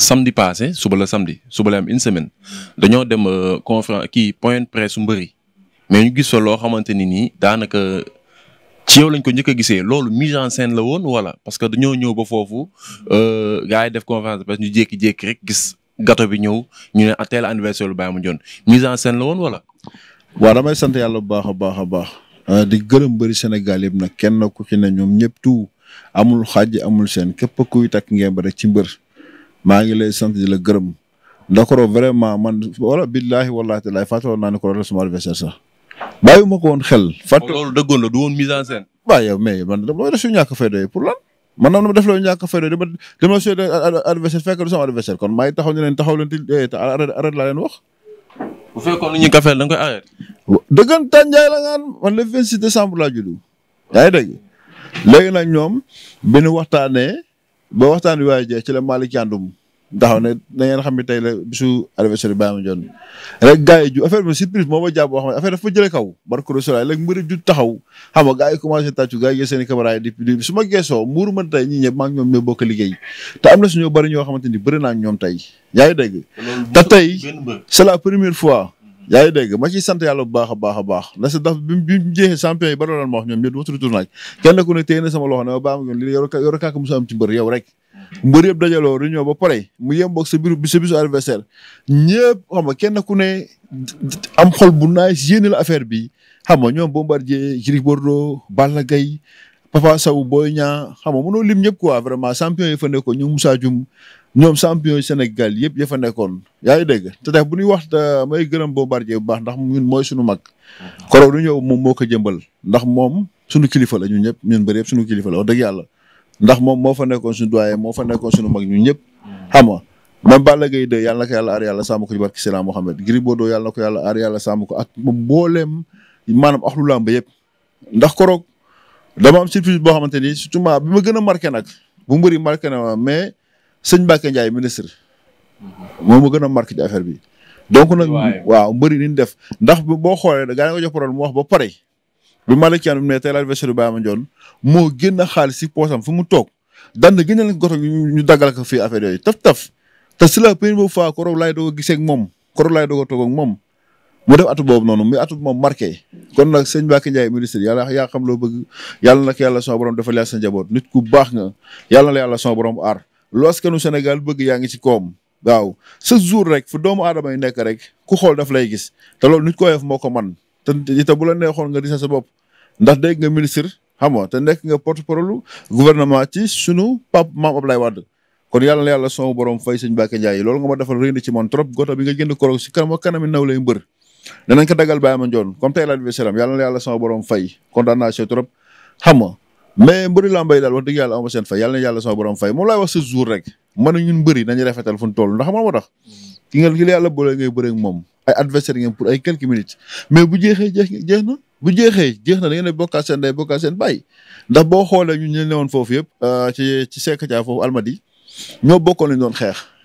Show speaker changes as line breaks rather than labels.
samdi passé suba la samedi suba la am une semaine dañoo dem euh, conférence kii point presse su mbëri mais ñu gis fa loo xamante ni nii daanaka ci yow lañ ko njëkk a gisee loolu mise en scène la woon wala parce que dañoo ñëw ba foofu euh, gars yi def conférence parce que ñu jékki-jékki rek gis gato bi ñëw ñu ne teel anniversaire lu mu jon mise en scène la woon wala. waaw damay sant yàlla bu
baax a baax a baax euh, di gërëm bëri Sénégal yëpp nag kenn ku ci ne ñoom ñëpp tu amul xaaj amul seen képp kuy takk ngemb rek ci mbër. maa ngi lay sant di la gërëm Ndakoro vraiment man wala billaahi wallaahi talaay fàttewoon naa ne ko loolu sama adversaire sax bàyyi ma ko woon xel. fàtte loolu dëggoon la du woon mise en scène. waaw yow mais man dama def suñu ñàkk fayda pour lan man na ma def loolu ñàkk fayda dama dama suñu adversaire fekk du sama adversaire kon maa ngi taxaw ne leen taxaw leen eh, ti arrêt
laa leen wax. bu fekkoon ni ñu kafee da nga
koy man le 26 décembre laa judd. yaa ngi dégg léegi ñoom benn waxtaanee ba waxtaan bi waaye jeex ci la Malick Yandoum taxaw ne na ngeen xam ne tey la bisu anniversaire bi Baye Mandione rek gars ju affaire bi surprise moo ma jàpp boo xam ne affaire dafa jëlee kaw barko rasulaay léegi mbir ju taxaw xam nga gars yi commencé tàccu gars yi seen i caméra su ma geesoo muuru man tey ñi ñëpp maa ngi ñoom ñoo bokk liggéey te am na suñu bëri ñoo xamante ni bëri naa ñoom tey yaa ngi dégg te tey c'est la première fois yaa ngi dégg ma ciy sant yàlla bu baax a baax a baax na sa daf bi mu jeexee champion yi ba doon ma wax ñoom ñëpp ma tudd tournage kenn ku ne téye na sama loxo ne ma baax ma li yor yor kàkk musu am ci mbër rek mbër yëpp dajaloo réunion mu yem boog sa biir sa adversaire ñëpp xam kenn ku ne am xol bu naaj yéene la affaire bi xam nga ñoom Bombardier Gris Bordeaux Balla Gaye Papa Sow Boy Niang xam nga mënoo lim ñëpp quoi vraiment champion yi fa nekkoon ñoom Moussa Dioum ñoom champion yi Sénégal yëpp ya fa nekkoon yaa ngi dégg te tax bu ñuy wax may gërëm Bombardier bu baax ndax ñun mooy suñu mag. koroog du ñëw moom moo ko jëmbal ndax moom suñu kilifa la ñun ñëpp ñun bëri yëpp suñu kilifa dëgg yàlla ndax moom moo fa nekkoon suñu doyen moo fa nekkoon suñu mag ñu ñëpp hmm. xam nga même Balla Gaye 2 yàlla na ko yàlla aar yàlla sàmm ko ci barki Seydina Mohamed Gris Bordeaux yàlla na ko yàlla aar yàlla sàmm ko ak mbooleem maanaam axlu làmb yëpp ndax koroog dama am surprise boo xamante ni surtout ma bi ma gën a marqué nag bu mbëri marqué na ma mais sëñ Mbacké Ndiaye ministre moo ma gën a marqué ci affaire bi donc nag waaw mbëri ni ñu def ndax boo xoolee da gaa nga jox parole mu wax ba pare bi Malikiane ne tey baa Baye Mandione moo génn xaal si poosam fu mu toog daan na génne leen goto ñu daggal ko fii affaire yooyu taf-taf te si la première fois koroog laay doog a gisee ak moom koroog laay doog a toog ak moom mu def atu boobu noonu muy atu moom marqué kon nag sëñ Mbacke Ndiaye ministre yàlla yaa xam loo bëgg yàlla nag la son borom dafa leer sa njaboot nit ku baax nga yàlla la yàlla son borom aar lu askanu Sénégal bëgg yaa ngi ci koom waaw chaque rek fu doomu aadama yi nekk rek ku xool daf lay gis te loolu nit ko yef moo ko man te te bu la neexoon nga di sa bopp ndax dégg nga ministre xam nga te nekk nga porte parole gouvernement ci sunu pap maam Ablaye Wade kon yàlla na yàlla son borom fay sëñ Mbacke Ndiaye loolu nga ma defal rénd ci man trop gota bi nga génn korog si kanam kanami naw lay mbër danañ ko dagal Baye Mandione comme tey la adversaire am yàlla na yàlla sama borom fay kontaan naa si trop xam nga mais mbëri làmbay daal wax dëgg yàlla ama seen fay yàlla na yàlla sama borom fay moom laay wax sa jour rek man na ñun mbëri nañu rafetal fu ñu toll ndax moo tax ki ki la yàlla boole ngay bëre ak moom ay adversaire ngeen pour ay quelques minutes mais bu jeexee jeex jeex na bu jeexee jeex na da ngeen ne bokkaat seen day bokkaat seen bàyyi ndax boo xoolee ñun ñu newoon foofu yëpp euh, ci ci sekk caa foofu almadi ñoo bokkoon lañ doon xeex